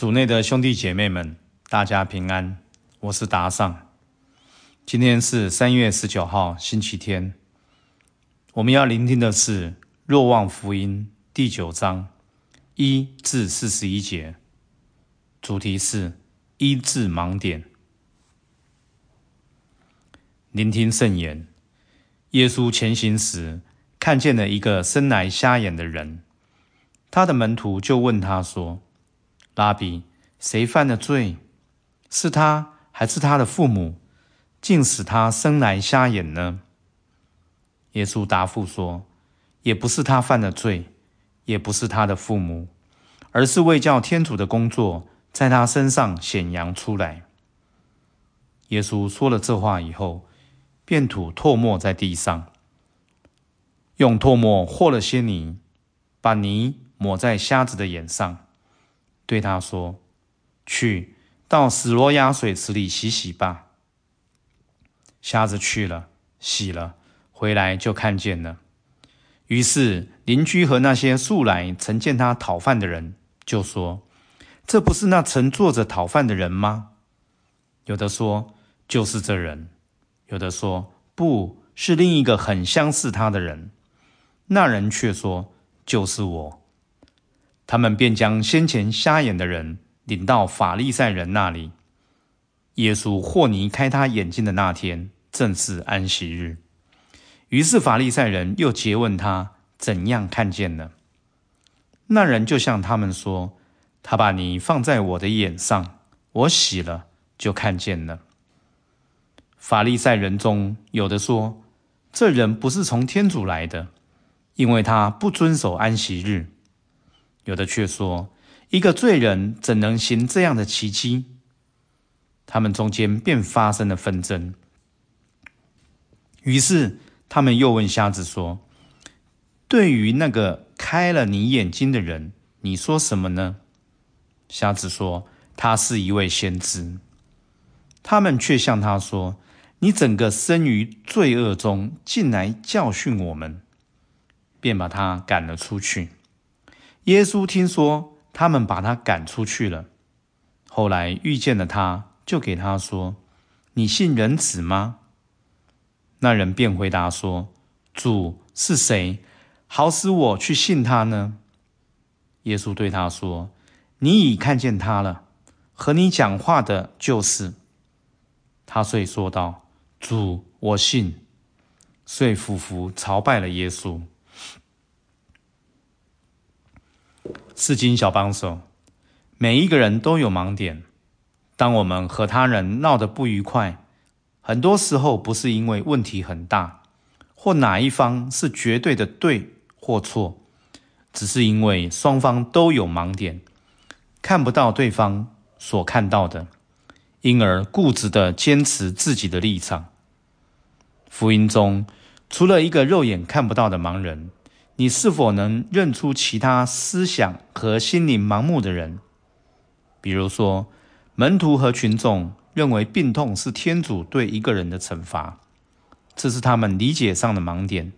組內的兄弟姐妹們，大家平安。我是達尚。今天是三月十九號，星期天。我們要聆聽的是《若望福音》第九章一至四十一節，主題是醫治盲點。聆聽聖言。耶穌前行時，看見了一個生來瞎眼的人，他的門徒就問他說。拉比，誰犯的罪？是他還是他的父母？竟使他生來瞎眼呢？耶穌答復說：也不是他犯的罪，也不是他的父母，而是為叫天主的工作在他身上顯揚出來。耶穌說了這話以後，便吐唾沫在地上，用唾沫和了些泥，把泥抹在瞎子的眼上。對他說：“去到西羅亞水池裡洗洗吧。”瞎子去了，洗了，回來就看見了。於是鄰居和那些素來曾見他討飯的人就說：“這不是那曾坐着討飯的人嗎？”有的說：“就是這人。”有的說：“不，是另一個很相似他的人。”那人卻說：“就是我。”他們便將先前瞎眼的人領到法利賽人那裡。耶穌和泥開他眼睛的那天，正是安息日。於是法利賽人又詰問他怎樣看見了。那人就向他們說：“他把泥放在我的眼上，我洗了，就看見了。”法利賽人中有的說：“這人不是從天主來的，因為他不遵守安息日。”有的卻說：“一個罪人怎能行這樣的奇蹟？”他們中間便發生了紛爭。於是他們又問瞎子說：“對於那個開了你眼睛的人，你說什麼呢？”瞎子說：“他是一位先知。”他們卻向他說：“你整個生於罪惡中，竟來教訓我們。”便把他趕了出去。耶穌聽說他們把他趕出去了，後來遇見了他，就給他說：“你信人子嗎？”那人便回答說：“主是誰，好使我去信他呢？”耶穌對他說：“你已看見他了，和你講話的就是他。”遂說道：“主，我信。”遂俯伏朝拜了耶穌。刺金小幫手，每一個人都有盲點。當我們和他人鬧得不愉快，很多時候不是因為問題很大，或哪一方是絕對的對或錯，只是因為雙方都有盲點，看不到對方所看到的，因而固執地堅持自己的立場。福音中，除了一個肉眼看不到的盲人。你是否能認出其他思想和心靈盲目的人？比如說，門徒和群眾認為病痛是天主對一個人的懲罰，這是他們理解上的盲點。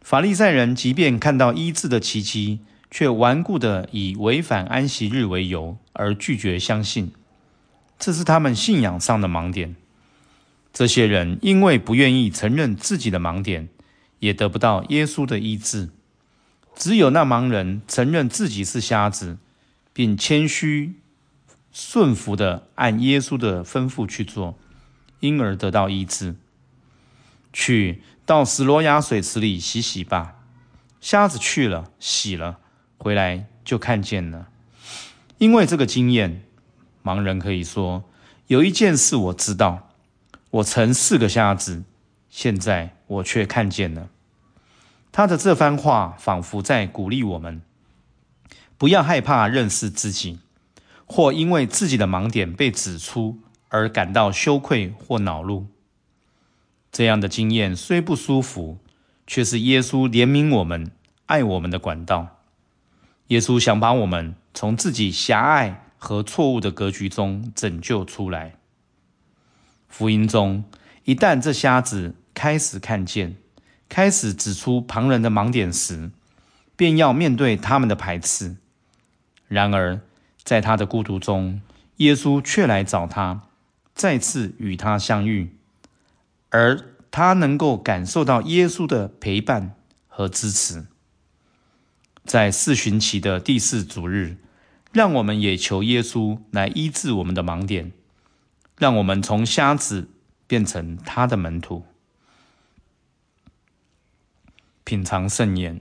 法利賽人即便看到醫治的奇蹟，卻頑固地以違反安息日為由而拒絕相信，這是他們信仰上的盲點。這些人因為不願意承認自己的盲點，也得不到耶穌的醫治，只有那盲人承認自己是瞎子，並謙虛順服地按耶穌的吩咐去做，因而得到醫治。去到西羅亞水池裡洗洗吧。瞎子去了，洗了回來就看見了。因為這個經驗，盲人可以說有一件事我知道：我曾是個瞎子，現在我卻看見了。他的這番話仿佛在鼓勵我們，不要害怕認識自己，或因為自己的盲點被指出而感到羞愧或惱怒。這樣的經驗雖不舒服，卻是耶穌憐憫我們、愛我們的管道。耶穌想把我們從自己狹隘和錯誤的格局中拯救出來。福音中，一旦這瞎子開始看見，開始指出旁人的盲點時，便要面對他們的排斥。然而，在他的孤獨中，耶穌卻來找他，再次與他相遇，而他能夠感受到耶穌的陪伴和支持。在四旬期的第四主日，讓我們也求耶穌來醫治我們的盲點，讓我們從瞎子變成他的門徒。品嘗聖言，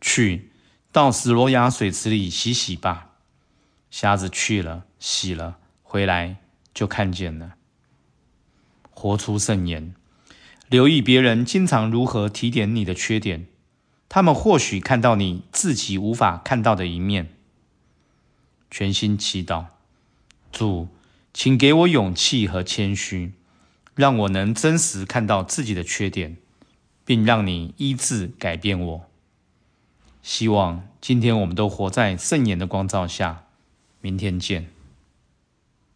去到西羅亞水池裡洗洗吧。瞎子去了，洗了回來，就看見了。活出聖言，留意別人經常如何提點你的缺點，他們或許看到你自己無法看到的一面。全心祈禱，主，請給我勇氣和謙虛，讓我能真實看到自己的缺點。並讓你醫治改變我。希望今天我們都活在聖言的光照下。明天見。